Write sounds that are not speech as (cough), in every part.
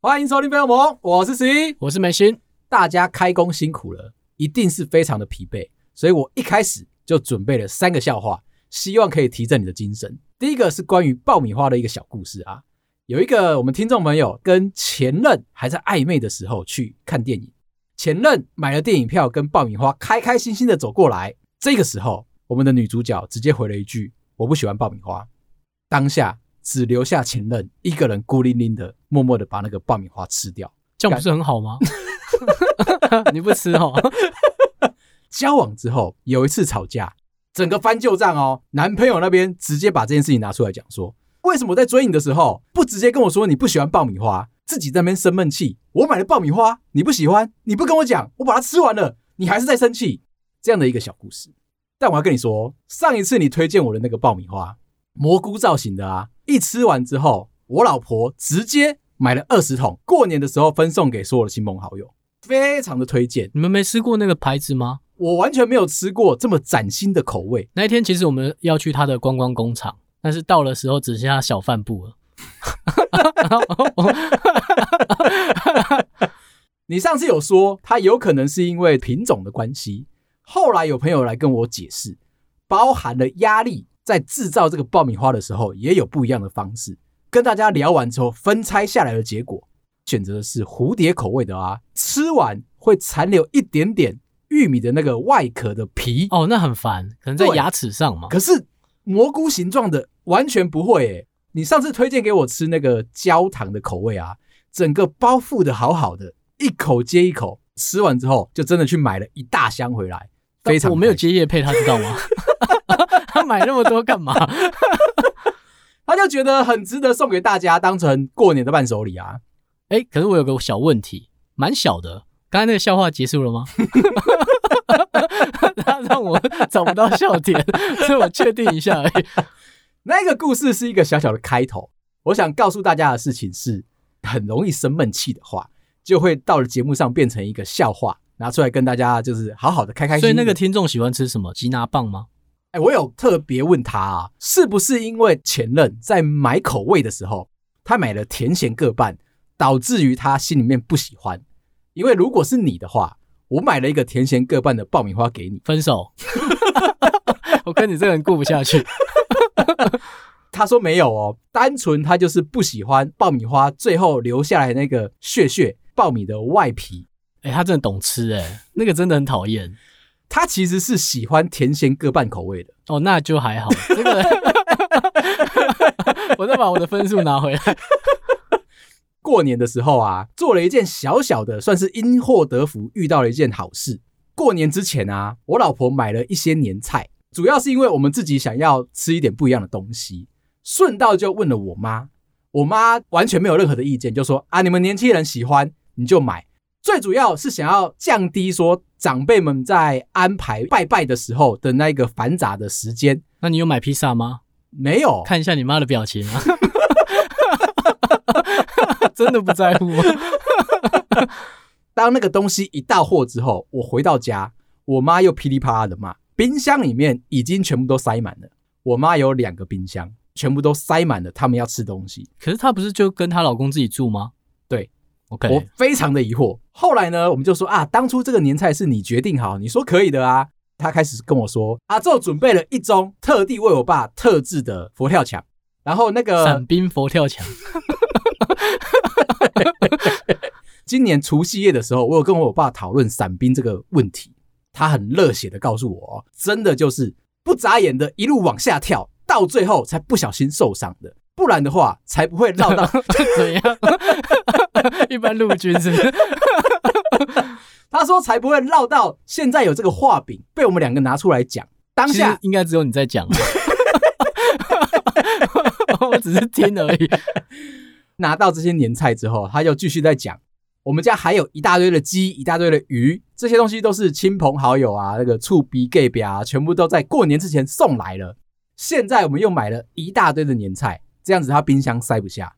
歡迎收聽朋友們，我是 C，我是眉心。大家開工辛苦了，一定是非常的疲憊，所以我一開始就準備了三個笑話，希望可以提振你的精神。第一個是關於爆米花的一個小故事啊，有一個我們聽眾朋友跟前任還在曖昧的時候去看電影。前任買了電影票跟爆米花，開開心心的走過來。這個時候，我們的女主角直接回了一句：“我不喜歡爆米花。”當下只留下前任一個人孤零零的，默默的把那個爆米花吃掉。這樣不是很好嗎？ (laughs) (laughs) 你不吃哦。 (laughs) 交往之後有一次吵架，整個翻舊賬哦。男朋友那邊直接把這件事情拿出來講，說：“為什麼我在追你的時候不直接跟我說你不喜歡爆米花？”自己在那邊生悶氣，我買的爆米花你不喜歡，你不跟我講，我把它吃完了，你還是在生氣，這樣的一個小故事。但我要跟你說，上一次你推薦我的那個爆米花，蘑菇造型的啊，一吃完之後，我老婆直接買了二十桶，過年的時候分送給所有的親朋好友，非常的推薦。你們沒吃過那個牌子嗎？我完全沒有吃過這麼嶄新的口味。那一天其實我們要去他的觀光工廠，但是到了時候只剩下小販部了。哈哈哈哈哈！哈， (laughs) 你上次有說它有可能是因為品種的關係，後來有朋友來跟我解釋，包含了壓力在制造這個爆米花的時候也有不一樣的方式。跟大家聊完之後，分拆下來的結果，選擇的是蝴蝶口味的啊，吃完會殘留一點點玉米的那個外殼的皮。哦，那很煩，可能在牙齒上嘛。可是蘑菇形狀的完全不會欸。你上次推薦給我吃那個焦糖的口味啊，整個包覆的好好的，一口接一口，吃完之後就真的去買了一大箱回來，非常。我沒有接業配，他知道嗎？ (laughs) 他買那麼多幹嘛？ (laughs) 他就覺得很值得送給大家，當成過年的伴手禮啊！哎、欸，可是我有個小問題，蠻小的，剛才那個笑話結束了嗎？ (laughs) 他讓我找不到笑點，所以我確定一下而已。那個故事是一個小小的開頭。我想告訴大家的事情是：很容易生悶氣的話，就會到了節目上變成一個笑話，拿出來跟大家就是好好的開開心。所以那個聽眾喜歡吃什麼吉拿棒嗎？哎，我有特別問他，啊，是不是因為前任在買口味的時候，他買了甜鹹各半，導致於他心裡面不喜歡？因為如果是你的話，我買了一個甜鹹各半的爆米花給你，分手， (laughs) 我跟你這個人過不下去。 (laughs) (laughs) 他說沒有哦，單純他就是不喜歡爆米花，最後留下來那個屑屑爆米的外皮。哎、欸，他真的懂吃，哎、欸， (laughs) 那個真的很討厭。他其實是喜歡甜鹹各半口味的哦，那就還好。這個， (laughs) (laughs) (laughs) 我再把我的分數拿回來。 (laughs) 過年的時候啊，做了一件小小的，算是因禍得福，遇到了一件好事。過年之前啊，我老婆買了一些年菜。主要是因為我們自己想要吃一點不一樣的東西，順道就問了我媽，我媽完全沒有任何的意見，就說啊，你們年輕人喜歡你就買。最主要是想要降低說長輩們在安排拜拜的時候的那個繁雜的時間。那你有買披薩嗎？沒有，看一下你媽的表情啊， (laughs) (laughs) 真的不在乎， (laughs) 當那個東西一到貨之後，我回到家，我媽又噼裡啪啦的罵。冰箱裡面已經全部都塞滿了。我媽有兩個冰箱，全部都塞滿了。他們要吃東西，可是她不是就跟她老公自己住嗎？對 Okay 我非常的疑惑。後來呢，我們就說啊，當初這個年菜是你決定好，你說可以的啊。他開始跟我說啊，這準備了一盅，特地為我爸特製的佛跳牆。然後那個傘兵佛跳牆，哈哈哈哈哈。今年除夕夜的時候，我有跟我爸討論傘兵這個問題。他很熱血的告訴我，真的就是不眨眼的，一路往下跳，到最後才不小心受傷的，不然的話才不會鬧到 (laughs) 怎樣。 (laughs) 一般陸軍是，是。他說才不會鬧到現在有這個畫餅被我們兩個拿出來講，當下應該只有你在講 (laughs) 我只是聽而已。拿到這些年菜之後，他又繼續在講。我們家還有一大堆的雞，一大堆的魚，這些東西都是親朋好友啊，那個處逼給表啊，全部都在過年之前送來了。現在我們又買了一大堆的年菜，這樣子他冰箱塞不下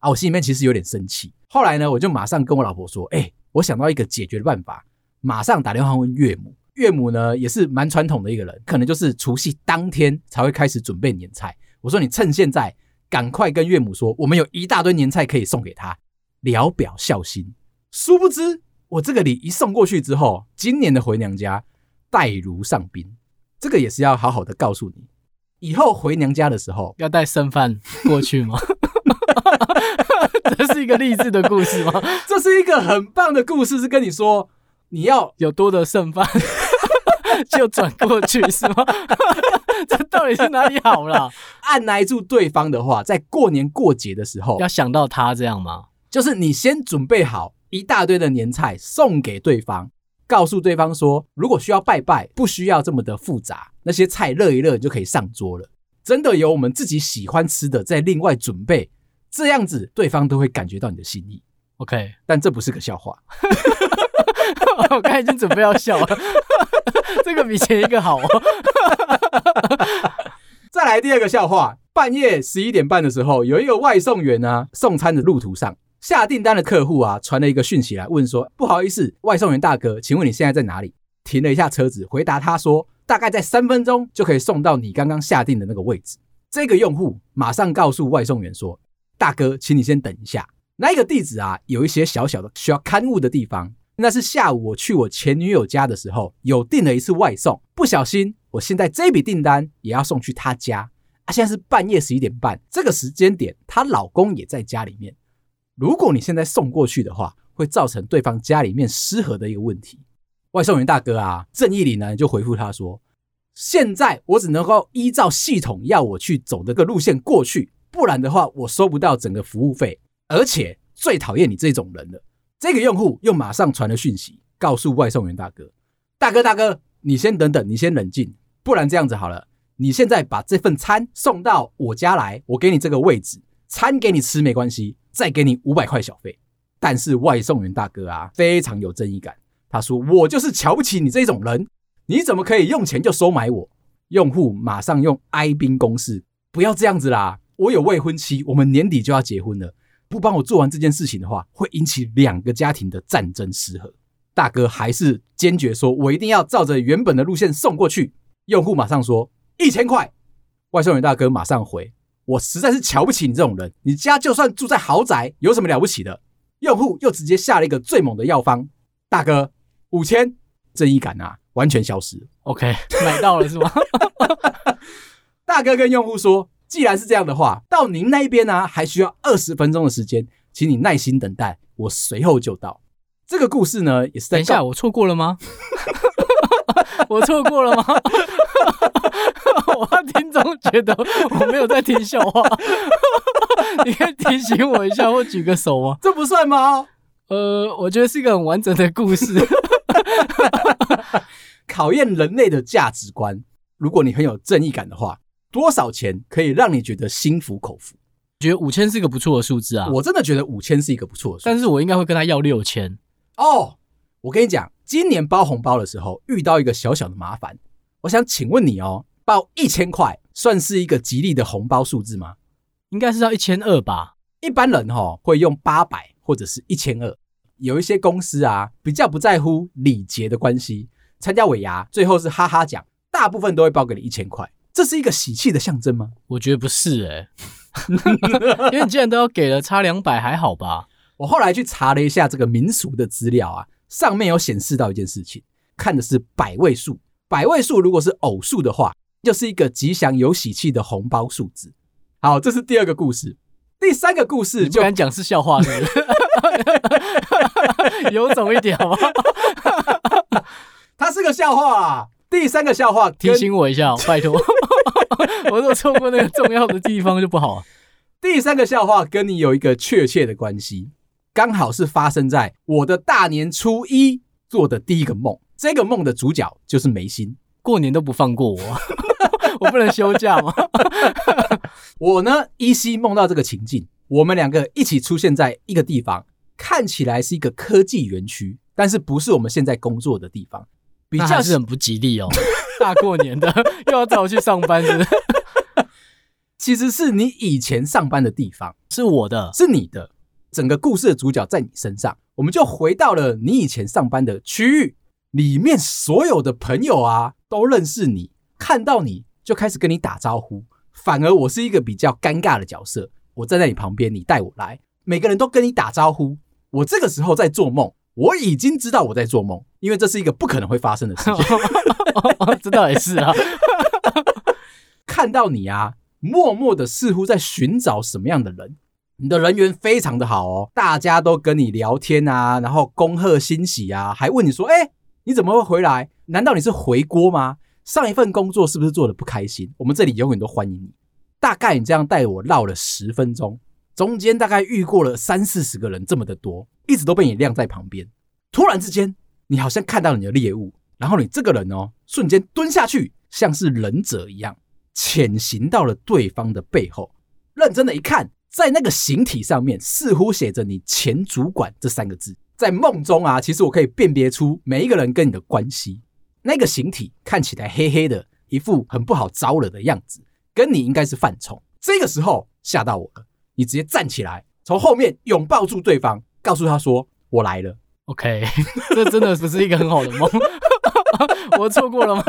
啊，我心裡面其實有點生氣。後來呢，我就馬上跟我老婆說：“哎、欸，我想到一個解決的辦法，馬上打電話問岳母。岳母呢也是蠻傳統的一個人，可能就是除夕當天才會開始準備年菜。我說你趁現在趕快跟岳母說，我們有一大堆年菜可以送給她，聊表孝心。”殊不知，我這個禮一送過去之後，今年的回娘家待如上賓，這個也是要好好的告訴你，以後回娘家的時候要帶剩飯過去嗎？ (laughs) (laughs) 這是一個勵志的故事嗎？這是一個很棒的故事，是跟你說你要有多的剩飯就轉過去是嗎？ (laughs) 這到底是哪裡好啦？按捺住對方的話，在過年過節的時候要想到他這樣嗎？就是你先準備好。一大堆的年菜送給對方，告訴對方說，如果需要拜拜，不需要這麼的複雜，那些菜熱一熱你就可以上桌了。真的有我們自己喜歡吃的，再另外準備，這樣子對方都會感覺到你的心意。OK，但這不是個笑話。 (laughs) (laughs) 我剛已經準備要笑了， (laughs) 這個比前一個好。 (laughs) (laughs) 再來第二個笑話，半夜十一點半的時候，有一個外送員啊，送餐的路途上。下訂單的客戶啊，傳了一個訊息來問說：“不好意思，外送員大哥，請問你現在在哪裡？”停了一下車子，回答他說：“大概在三分鐘就可以送到你剛剛下訂的那個位置。”這個用戶馬上告訴外送員說：“大哥，請你先等一下，那一個地址啊，有一些小小的需要勘誤的地方。那是下午我去我前女友家的時候，有訂了一次外送，不小心，我現在這筆訂單也要送去她家。啊，現在是半夜十一點半，這個時間點，她老公也在家裡面。”如果你現在送過去的話，會造成對方家裡面失和的一個問題。外送員大哥啊，正義裡呢就回復他說：“現在我只能夠依照系統要我去走這個路線過去，不然的話我收不到整個服務費，而且最討厭你這種人了。”這個用戶又馬上傳了訊息，告訴外送員大哥：“大哥大哥，你先等等，你先冷靜，不然這樣子好了，你現在把這份餐送到我家來，我給你這個位置，餐給你吃沒關係。”再給你五百塊小費，但是外送員大哥啊，非常有正義感。他說：“我就是瞧不起你這種人，你怎麼可以用錢就收買我？”用戶馬上用哀兵攻勢，不要這樣子啦，我有未婚妻，我們年底就要結婚了。不幫我做完這件事情的話，會引起兩個家庭的戰爭失和。”大哥還是堅決說：“我一定要照着原本的路線送過去。”用戶馬上說：“一千塊。”外送員大哥馬上回。我實在是瞧不起你這種人，你家就算住在豪宅，有什麼了不起的？用戶又直接下了一個最猛的藥方，大哥，五千，正義感啊，完全消失。OK，買到了是嗎？大哥跟用戶說，既然是這樣的話，到您那邊呢、啊、還需要二十分鐘的時間，請你耐心等待，我隨後就到。這個故事呢，也是，等一下，我錯過了嗎？ (laughs) 我錯過了嗎？ (laughs) 我聽眾覺得我沒有在聽笑話，你可以提醒我一下，或舉個手嗎？這不算嗎？呃，我覺得是一個很完整的故事， (laughs) (laughs) 考驗人類的價值觀。如果你很有正義感的話，多少錢可以讓你覺得心服口服？覺得五千是一個不錯的數字啊！我真的覺得五千是一個不錯的數字，但是我應該會跟他要六千哦。Oh, 我跟你講。今年包紅包的時候遇到一個小小的麻煩，我想請問你哦，包一千塊算是一個吉利的紅包數字嗎？應該是要一千二吧。一般人哦，會用八百或者是一千二。有一些公司啊比較不在乎禮節的關係，參加尾牙最後是哈哈獎，大部分都會包給你一千塊，這是一個喜氣的象徵嗎？我覺得不是誒、欸、 (laughs) (laughs) 因為你既然都要給了，差兩百還好吧。我後來去查了一下這個民俗的資料啊。上面有顯示到一件事情，看的是百位數，百位數如果是偶數的話，就是一個吉祥有喜氣的紅包數字。好，這是第二個故事，第三個故事就你敢講是笑話了， (laughs) (laughs) 有種一點好嗎？ (laughs) 它是個笑話，啊，第三個笑話提醒我一下，喔，拜託， (laughs) (laughs) 我如果錯過那個重要的地方就不好了，啊。第三個笑話跟你有一個確切的關係。剛好是發生在我的大年初一做的第一個夢，這個夢的主角就是眉心，過年都不放過我， (laughs) (laughs) 我不能休假嗎？ (laughs) 我呢，依稀夢到這個情境，我們兩個一起出現在一個地方，看起來是一個科技園區，但是不是我們現在工作的地方，這樣是很不吉利哦。 (laughs) (laughs) 大過年的又要帶我去上班是不是， (laughs) 其實是你以前上班的地方，是我的，是你的。整個故事的主角在你身上，我們就回到了你以前上班的區域，裡面所有的朋友啊都認識你，看到你就開始跟你打招呼。反而我是一個比較尷尬的角色，我站在你旁邊，你帶我來，每個人都跟你打招呼。我這個時候在做夢，我已經知道我在做夢，因為這是一個不可能會發生的事情。這倒 (laughs) 也是啊， (laughs) 看到你啊，默默的似乎在尋找什麼樣的人。你的人緣非常的好哦，大家都跟你聊天啊，然後恭賀欣喜啊，還問你說：“誒、欸，你怎麼會回來？難道你是回鍋嗎？上一份工作是不是做的不開心？”我們這裡永遠都歡迎你。大概你這樣帶我繞了十分鐘，中間大概遇過了三四十個人，這麼的多，一直都被你晾在旁邊。突然之間，你好像看到了你的獵物，然後你這個人哦，瞬間蹲下去，像是忍者一樣潛行到了對方的背後，認真的一看。在那個形體上面，似乎寫着“你前主管”這三個字。在夢中啊，其實我可以辨別出每一個人跟你的關係。那個形體看起來黑黑的，一副很不好招惹的樣子，跟你應該是犯沖。這個時候嚇到我了，你直接站起來，從後面擁抱住對方，告訴他說：“我來了。” OK，這真的不是一個很好的夢， (laughs) 我錯過了嗎？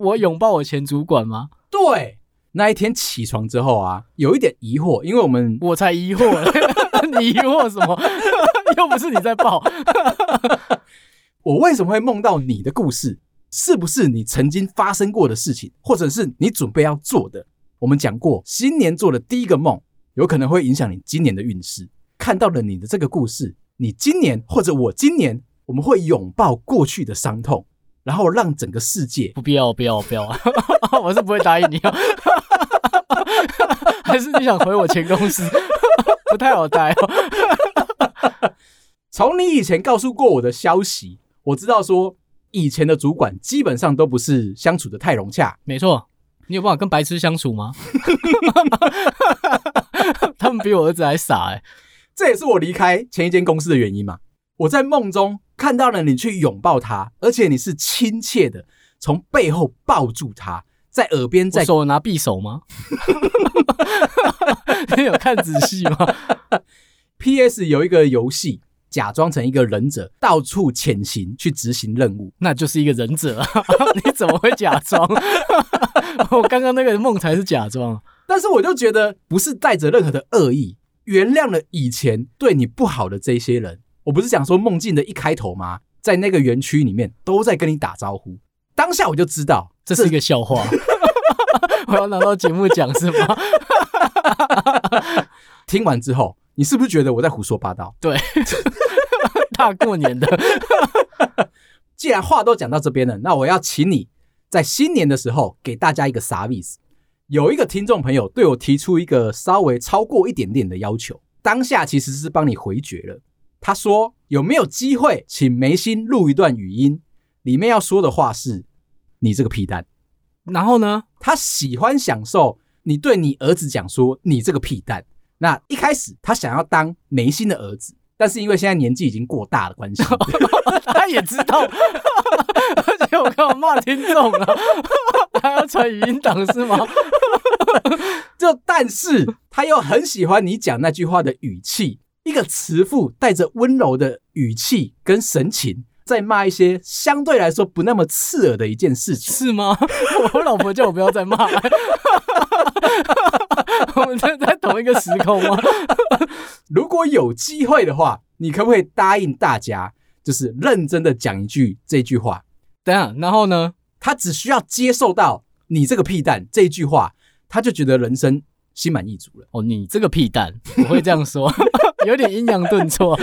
(laughs) 我擁抱我前主管嗎？對。那一天起床之後啊，有一點疑惑，因為我們，我才疑惑， (laughs) (laughs) 你疑惑什麼？ (laughs) 又不是你在報， (laughs) 我為什麼會夢到你的故事？是不是你曾經發生過的事情，或者是你準備要做的？我們講過，新年做的第一個夢，有可能會影響你今年的運勢。看到了你的這個故事，你今年，或者我今年，我們會擁抱過去的傷痛。然後讓整個世界不必要，不要，不要、啊， (laughs) 我是不會答應你哦、啊。 (laughs) 還是你想回我前公司？ (laughs) 不太好待、哦。從你以前告訴過我的消息，我知道說以前的主管基本上都不是相處得太融洽。沒錯，你有辦法跟白痴相處嗎？ (laughs) 他們比我兒子還傻誒、欸、這也是我離開前一間公司的原因嘛。我在夢中看到了你去擁抱他，而且你是親切的，從背後抱住他，在耳邊。在手拿匕首嗎？ (laughs) (laughs) 你有看仔細嗎？P.S. 有一個遊戲，假裝成一個忍者，到處潛行去執行任務，那就是一個忍者啊。 (laughs) 你怎麼會假裝？ (laughs) 我剛剛那個夢才是假裝。但是我就覺得，不是帶着任何的惡意，原諒了以前對你不好的這些人。我不是講說夢境的一開頭嗎？在那個園區裡面，都在跟你打招呼。當下我就知道這是一個笑話， (laughs) (laughs) 我要拿到節目講是嗎？ (laughs) 聽完之後，你是不是覺得我在胡說八道？對， (laughs) 大過年的， (laughs) (laughs) 既然話都講到這邊了，那我要請你在新年的時候給大家一個啥意思？有一個聽眾朋友對我提出一個稍微超過一點點的要求，當下其實是幫你回絕了。他說：“有沒有機會請眉心錄一段語音？裡面要說的話是‘你這個屁蛋’。然後呢，他喜歡享受你對你兒子講說‘你這個屁蛋’。那一開始他想要當眉心的兒子，但是因為現在年紀已經過大的關係， (laughs) 他也知道。 (laughs) 而且我我罵聽眾了、啊， (laughs) 他要傳語音檔是嗎？ (laughs) 就但是他又很喜歡你講那句話的語氣。”一個慈父帶着溫柔的語氣跟神情，在罵一些相對來說不那麼刺耳的一件事情，是嗎？我老婆叫我不要再罵了。 (laughs) (laughs) 我們真的在同一個時空嗎？ (laughs) 如果有機會的話，你可不可以答應大家，就是認真的講一句這句話？等，然後呢？他只需要接受到你這個屁蛋這句話，他就覺得人生心滿意足了。哦，你這個屁蛋，我會這樣說。 (laughs) 有點陰陽頓挫。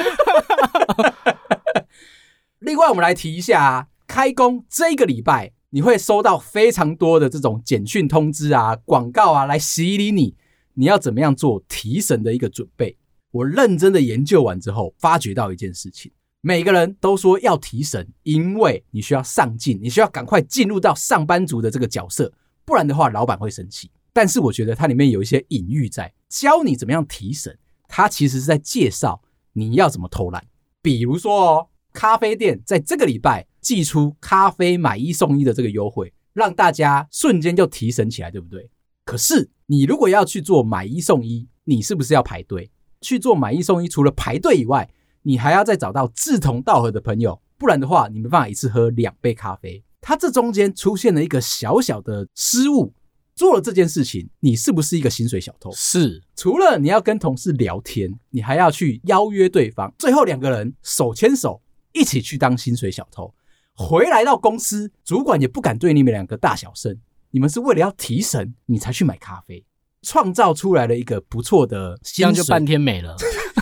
(laughs) (laughs) 另外，我們來提一下啊，開工這個禮拜，你會收到非常多的這種簡訊通知啊、廣告啊，來洗禮你。你要怎麼樣做提神的一個準備？我認真的研究完之後，發覺到一件事情：每個人都說要提神，因為你需要上進，你需要趕快進入到上班族的這個角色，不然的話，老闆會生氣。但是，我覺得它裡面有一些隱喻在教你怎麼樣提神。他其實是在介紹你要怎麼偷懶，比如說哦，咖啡店在這個禮拜祭出咖啡買一送一的這個優惠，讓大家瞬間就提神起來，對不對？可是你如果要去做買一送一，你是不是要排隊去做買一送一？除了排隊以外，你還要再找到志同道合的朋友，不然的話你沒辦法一次喝兩杯咖啡。他這中間出現了一個小小的失誤。做了這件事情，你是不是一個薪水小偷？是，除了你要跟同事聊天，你還要去邀約對方，最後兩個人手牽手一起去當薪水小偷，回來到公司，主管也不敢對你們兩個大小聲。你們是為了要提神，你才去買咖啡，創造出來了一個不錯的薪水。現在就半天沒了，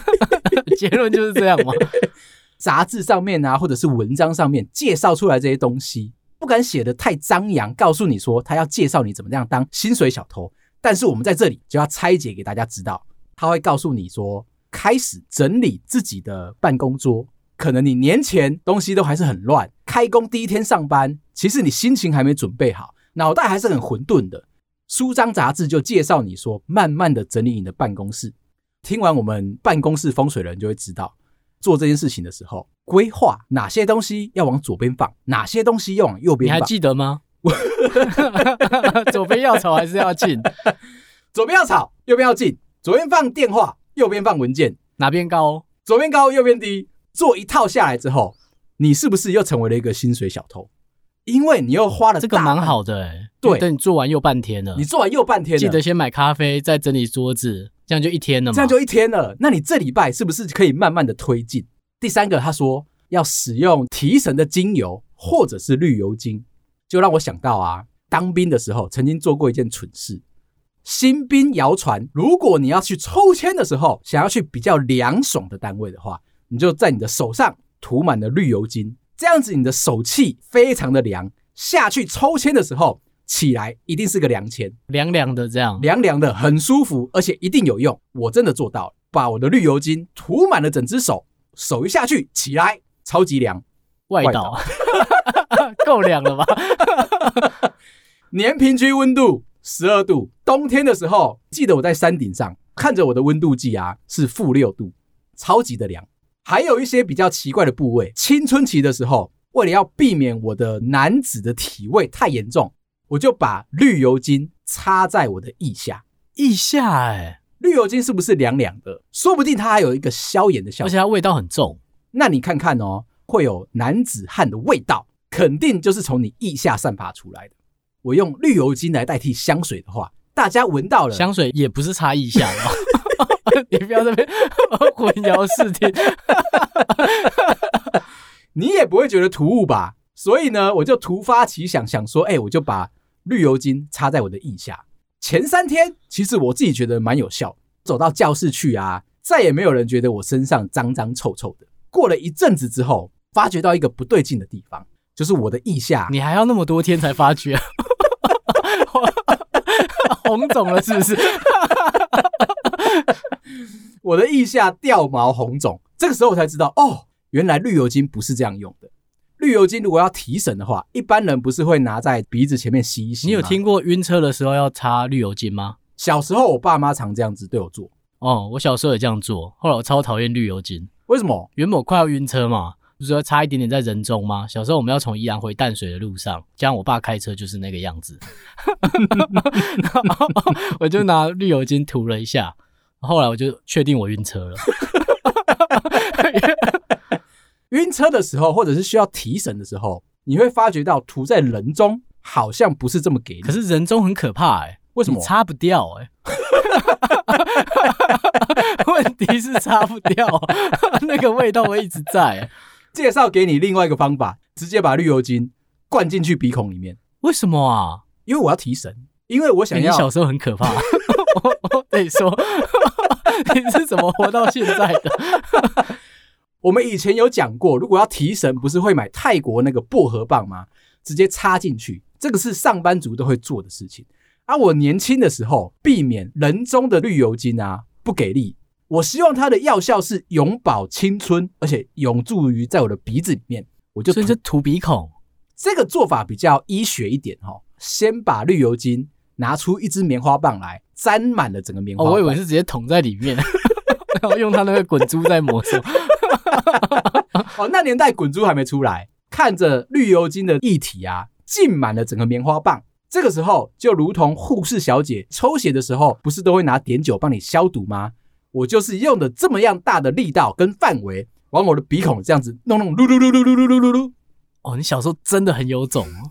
(laughs) 結論就是這樣嘛 (laughs) 雜誌上面啊，或者是文章上面介紹出來這些東西。不敢寫的太張揚，告訴你說他要介紹你怎麼樣當薪水小偷。但是我們在這裡就要拆解給大家知道，他會告訴你說，開始整理自己的辦公桌。可能你年前東西都還是很亂，開工第一天上班，其實你心情還沒準備好，腦袋還是很混沌的。書章雜誌就介紹你說，慢慢的整理你的辦公室。聽完我們辦公室風水的人就會知道。做這件事情的時候，規劃哪些東西要往左邊放，哪些東西要往右邊放，你還記得嗎？ (laughs) 左邊要吵還是要進？左邊要吵，右邊要進。左邊放電話，右邊放文件，哪邊高？左邊高，右邊低。做一套下來之後，你是不是又成為了一個薪水小偷？因為你又花了這個蠻好的欸，對，等你做完又半天了，你做完又半天了。記得先買咖啡，再整理桌子。這樣就一天了嗎？這樣就一天了。那你這禮拜是不是可以慢慢的推進？第三個，他說要使用提神的精油或者是綠油精，就讓我想到啊，當兵的時候曾經做過一件蠢事。新兵謠傳，如果你要去抽籤的時候，想要去比較涼爽的單位的話，你就在你的手上塗滿了綠油精，這樣子你的手氣非常的涼，下去抽籤的時候。起來一定是個涼籤，涼涼的這樣，涼涼的很舒服，而且一定有用。我真的做到了，把我的綠油精塗滿了整隻手，手一下去起來，超級涼。外島導啊， (laughs) 夠涼了吧？ (laughs) 年平均溫度十二度，冬天的時候，記得我在山頂上看着我的溫度計啊，是負六度，超級的涼。還有一些比較奇怪的部位，青春期的時候，為了要避免我的男子的體味太嚴重。我就把綠油精插在我的腋下，腋下、欸，誒綠油精是不是涼涼的？說不定它還有一個消炎的效果，而且它味道很重。那你看看哦，會有男子漢的味道，肯定就是從你腋下散發出來的。我用綠油精來代替香水的話，大家聞到了香水也不是插腋下的， (laughs) (laughs) 你不要這邊混淆視聽， (laughs) (laughs) 你也不會覺得突兀吧？所以呢，我就突發奇想，想說，哎、欸，我就把綠油精擦在我的腋下。前三天，其實我自己覺得蠻有效，走到教室去啊，再也沒有人覺得我身上髒髒臭臭的。過了一陣子之後，發覺到一個不對勁的地方，就是我的腋下。你還要那麼多天才發覺？ (laughs) (laughs) 紅腫了是不是？ (laughs) 我的腋下掉毛紅腫，這個時候我才知道，哦，原來綠油精不是這樣用的。綠油精如果要提神的話，一般人不是會拿在鼻子前面吸一吸？你有聽過暈車的時候要擦綠油精嗎？小時候我爸媽常這樣子對我做。哦，我小時候也這樣做，後來我超討厭綠油精。為什麼？原本我快要暈車嘛，不、就是說差一點點在人中嗎？小時候我們要從宜蘭回淡水的路上，這樣我爸開車就是那個樣子。 (laughs) (laughs) 然後我就拿綠油精塗了一下，後來我就確定我暈車了。 (laughs) (laughs) 暈車的時候，或者是需要提神的時候，你會發覺到塗在人中好像不是這麼給力。可是人中很可怕哎、欸，為什麼？擦不掉哎、欸， (laughs) 問題是擦不掉， (laughs) 那個味道我一直在、欸。介紹給你另外一個方法，直接把綠油精灌進去鼻孔裡面。為什麼啊？因為我要提神，因為我想要。欸、你小時候很可怕，你 (laughs) 說 (laughs) 你是怎麼活到現在的？ (laughs) 我們以前有講過，如果要提神，不是會買泰國那個薄荷棒嗎？直接插進去，這個是上班族都會做的事情。啊，我年輕的時候，避免人中的綠油精啊，不給力，我希望它的藥效是永葆青春，而且永駐於在我的鼻子裡面。我就直接塗鼻孔，這個做法比較醫學一點哦，先把綠油精拿出一支棉花棒來，沾滿了整個棉花棒。棒、哦。我以為是直接捅在裡面，然後 (laughs) (laughs) 用它那個滾珠在抹上。哦，那年代滾珠還沒出來，看着綠油精的液體啊，浸滿了整個棉花棒。這個時候，就如同護士小姐抽血的時候，不是都會拿碘酒幫你消毒嗎？我就是用的這麼樣大的力道跟範圍，往我的鼻孔這樣子弄弄，嚕嚕嚕嚕嚕嚕嚕嚕嚕。哦，你小時候真的很有種哦！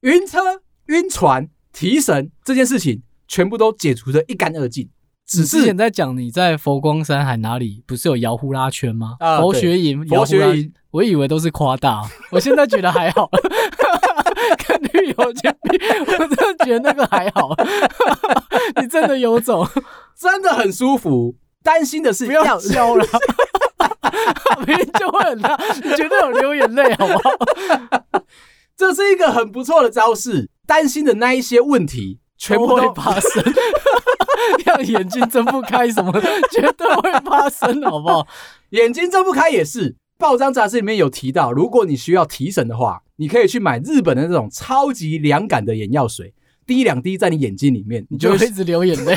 暈車、暈船、提神這件事情，全部都解除得一乾二淨。只是前在講，你在佛光山海哪裡不是有搖呼啦圈嗎？啊、佛雪營，佛雪營， (laughs) 我以為都是誇大、啊， (laughs) 我現在覺得還好，跟旅遊相我真的覺得那個還好。 (laughs) 你真的有種， (laughs) 真的很舒服。擔心的是不要笑了， (laughs) 明天就會很大，你絕對有流眼淚，好不好？ (laughs) 這是一個很不錯的招式。擔心的那一些問題，全部都會發生。 (laughs) 讓 (laughs) 眼睛睜不開，什麼的絕對會發生，好不好？眼睛睜不開也是。報章雜誌裡面有提到，如果你需要提神的話，你可以去買日本的那種超級涼感的眼藥水，滴兩滴在你眼睛裡面，你就會會一直流眼淚。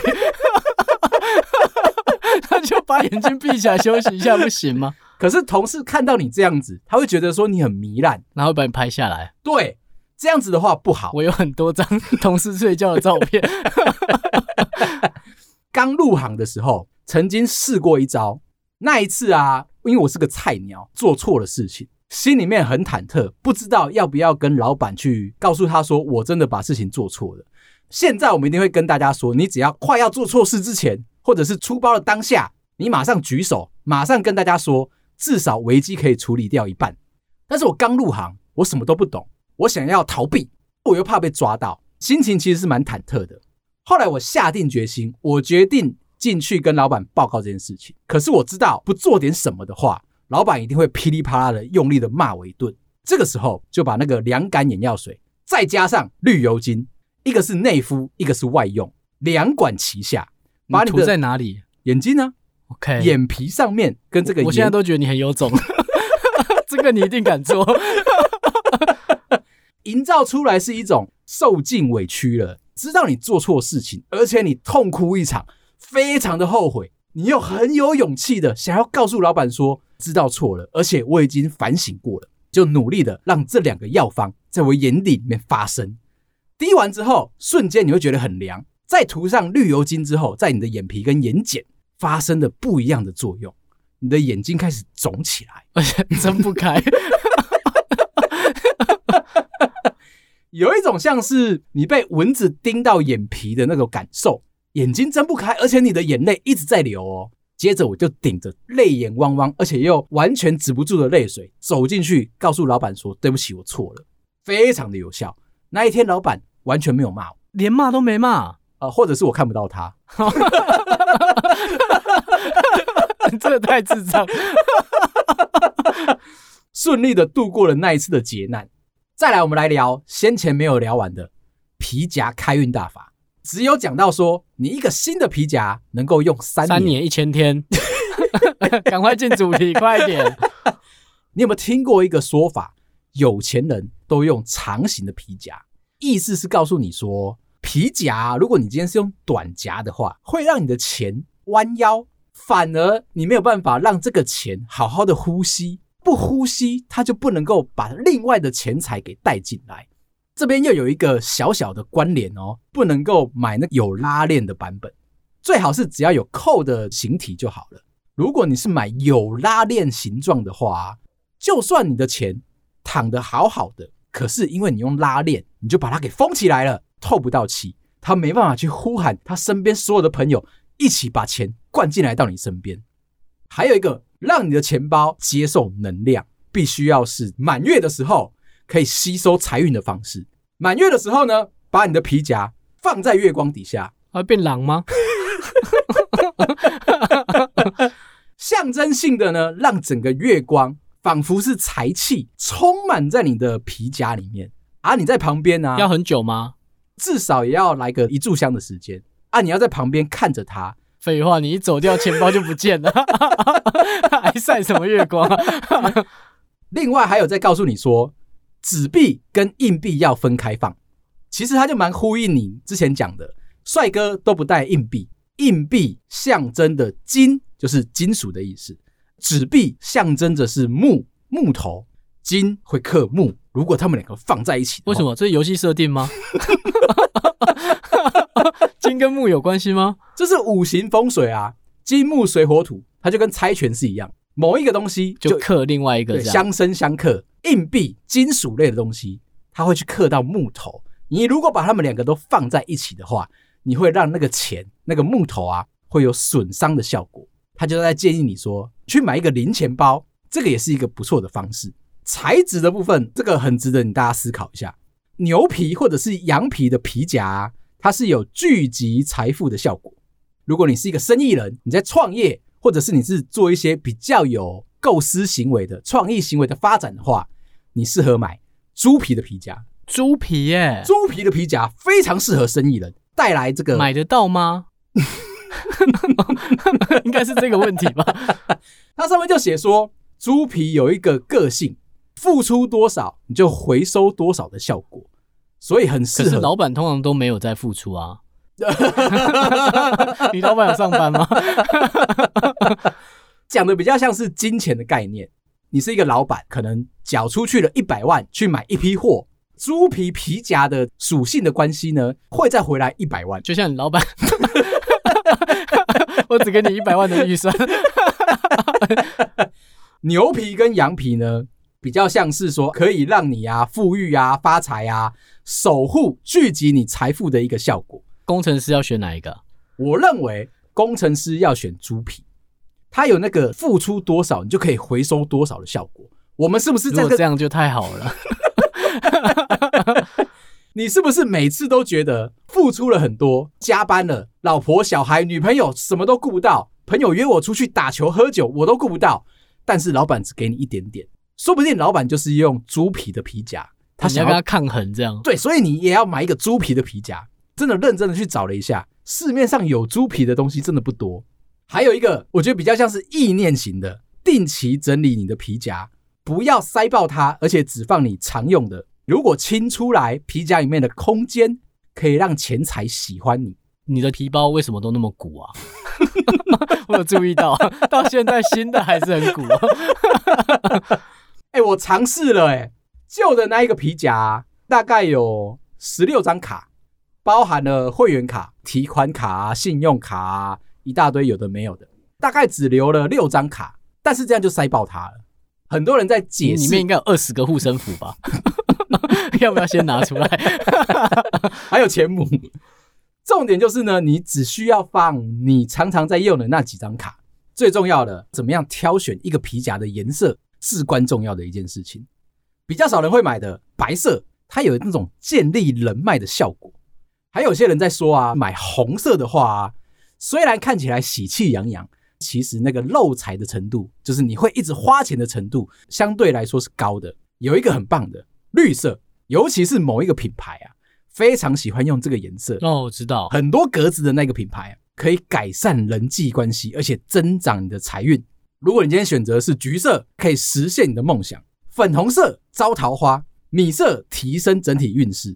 那 (laughs) (laughs) 就把眼睛閉起來休息一下，不行嗎？可是同事看到你這樣子，他會覺得說你很糜爛，然後把你拍下來。對。這樣子的話不好。我有很多張同事睡覺的照片。剛 (laughs) (laughs) 入行的時候，曾經試過一招。那一次啊，因為我是個菜鳥，做錯了事情，心裡面很忐忑，不知道要不要跟老板去告訴他說，我真的把事情做錯了。現在我們一定會跟大家說，你只要快要做錯事之前，或者是出包的當下，你馬上舉手，馬上跟大家說，至少危機可以處理掉一半。但是我剛入行，我什麼都不懂。我想要逃避，我又怕被抓到，心情其實是蠻忐忑的。後來我下定決心，我決定進去跟老板報告這件事情。可是我知道不做點什麼的話，老板一定會噼里啪啦的用力的罵我一頓。這個時候就把那個涼感眼藥水，再加上綠油精，一個是內敷，一個是外用，兩管齊下，把你塗在哪裡？眼睛呢？OK，眼皮上面跟這個眼我。我現在都覺得你很有種， (laughs) (laughs) 這個你一定敢做。營造出來是一種受盡委屈了，知道你做錯事情，而且你痛哭一場，非常的後悔，你又很有勇氣的想要告訴老板說知道錯了，而且我已經反省過了，就努力的讓這兩個藥方在我眼底裡面發生。滴完之後，瞬間你會覺得很涼，再塗上綠油精之後，在你的眼皮跟眼瞼發生了不一樣的作用，你的眼睛開始腫起來，而且你睜不開。 (laughs) 有一種像是你被蚊子叮到眼皮的那種感受，眼睛睜不開，而且你的眼淚一直在流哦。接着我就頂着淚眼汪汪，而且又完全止不住的淚水走進去，告訴老板說：“對不起，我錯了。”非常的有效。那一天老板完全沒有罵我，連罵都沒罵。呃，或者是我看不到他，這太智障。順利的度過了那一次的劫難。再來，我們來聊先前沒有聊完的皮夾開運大法。只有講到說，你一個新的皮夾能夠用三年，三年一千天。趕快進主題，快一點。你有沒有聽過一個說法？有錢人都用長型的皮夾，意思是告訴你說，皮夾如果你今天是用短夾的話，會讓你的錢彎腰，反而你沒有辦法讓這個錢好好的呼吸。不呼吸，他就不能夠把另外的錢財給帶進來。這邊又有一個小小的關聯哦，不能夠買那有拉鏈的版本，最好是只要有扣的形體就好了。如果你是買有拉鏈形狀的話，就算你的錢躺得好好的，可是因為你用拉鏈你就把它給封起來了，透不到氣，他沒辦法去呼喊他身邊所有的朋友一起把錢灌進來到你身邊。還有一個，讓你的錢包接受能量，必須要是滿月的時候可以吸收財運的方式。滿月的時候呢，把你的皮夾放在月光底下，會變狼嗎？ (laughs) 象徵性的呢，讓整個月光仿佛是財氣充滿在你的皮夾裡面啊！你在旁邊呢、啊，要很久嗎？至少也要來個一炷香的時間啊！你要在旁邊看着他。廢話，你一走掉，錢包就不見了， (laughs) 還曬什麼月光？ (laughs) 另外還有再告訴你說，紙幣跟硬幣要分開放。其實他就蠻呼應你之前講的，帥哥都不帶硬幣。硬幣象徵的金就是金屬的意思，紙幣象徵着是木、木頭，金會剋木。如果他們兩個放在一起，為什麼？這是遊戲設定嗎？ (laughs) (laughs) 金跟木有關係嗎？這是五行風水啊，金木水火土，它就跟猜拳是一樣，某一個東西就克另外一個，相生相克。硬幣、金屬類的東西，它會去克到木頭。你如果把它們兩個都放在一起的話，你會讓那個錢、那個木頭啊，會有損傷的效果。他就在建議你說去買一個零錢包，這個也是一個不錯的方式。材質的部分，這個很值得你大家思考一下，牛皮或者是羊皮的皮夾啊。它是有聚集財富的效果。如果你是一個生意人，你在創業，或者是你是做一些比較有構思行為的創意行為的發展的話，你適合買豬皮的皮夾。豬皮耶、欸，豬皮的皮夾非常適合生意人，帶來這個買得到嗎？ (laughs) (laughs) 應該是這個問題吧。 (laughs) 它上面就寫說，豬皮有一個個性，付出多少你就回收多少的效果。所以很適合，可是老闆，通常都沒有在付出啊。 (laughs) 你老闆有上班嗎？講 (laughs) 的 (laughs) 比較像是金錢的概念。你是一個老闆，可能繳出去了一百萬去買一批貨，豬皮皮夾的屬性的關係呢，會再回來一百萬。就像你老闆， (laughs) (laughs) 我只給你一百萬的預算。 (laughs) (laughs) 牛皮跟羊皮呢，比較像是說可以讓你啊富裕啊發財啊。守護聚集你財富的一個效果。工程師要選哪一個？我認為工程師要選豬皮，它有那個付出多少，你就可以回收多少的效果。我們是不是、這個？如果這樣就太好了。 (laughs) (laughs) 你是不是每次都覺得付出了很多，加班了，老婆、小孩、女朋友什麼都顧不到，朋友約我出去打球喝酒我都顧不到，但是老闆只給你一點點。說不定老闆就是用豬皮的皮夾。他想要你要跟他抗衡，這樣。對，所以你也要買一個豬皮的皮夾，真的認真的去找了一下，市面上有豬皮的東西真的不多。還有一個，我覺得比較像是意念型的，定期整理你的皮夾，不要塞爆它，而且只放你常用的。如果清出來，皮夾裡面的空間可以讓錢財喜歡你。你的皮包為什麼都那麼鼓啊？ (laughs) 我有注意到，到現在新的還是很鼓。哎、 (laughs) 欸，我嘗試了、欸，哎。舊的那一個皮夾大概有十六張卡，包含了會員卡、提款卡、信用卡，一大堆有的沒有的，大概只留了六張卡。但是這樣就塞爆它了。很多人在解釋，裡面應該有二十個護身符吧？ (laughs) (laughs) 要不要先拿出來？ (laughs) (laughs) 還有錢母。重點就是呢，你只需要放你常常在用的那幾張卡。最重要的，怎麼樣挑選一個皮夾的顏色，至關重要的一件事情。比較少人會買的白色，它有那種建立人脈的效果。還有些人在說啊，買紅色的話啊，雖然看起來喜氣洋洋，其實那個漏財的程度，就是你會一直花錢的程度，相對來說是高的。有一個很棒的綠色，尤其是某一個品牌啊，非常喜歡用這個顏色。哦，我知道。很多格子的那個品牌啊，可以改善人際關係，而且增長你的財運。如果你今天選擇是橘色，可以實現你的夢想。粉紅色招桃花，米色提升整體運勢，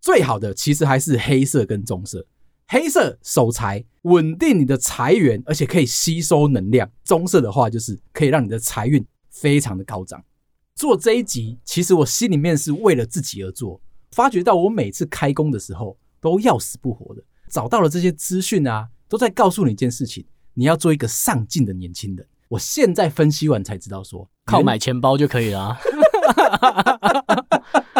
最好的其實還是黑色跟棕色。黑色守財，穩定你的財源，而且可以吸收能量。棕色的話，就是可以讓你的財運非常的高漲。做這一集，其實我心裡面是為了自己而做。發覺到我每次開工的時候都要死不活的，找到了這些資訊啊，都在告訴你一件事情，你要做一個上進的年輕人。我現在分析完才知道說。靠買錢包就可以了，啊，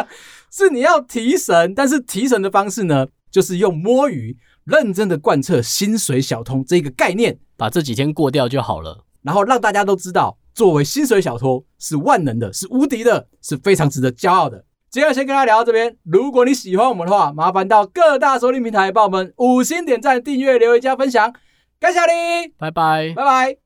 (laughs) 是你要提神，但是提神的方式呢，就是用摸魚認真的貫徹薪水小偷這個概念，把這幾天過掉就好了，然後讓大家都知道，作為薪水小偷是萬能的，是無敵的，是非常值得驕傲的。今天先跟大家聊到這邊，如果你喜歡我們的話，麻煩到各大收聽平台幫我們五星點讚、訂閱、留言、加分享，感謝你，拜拜，拜拜。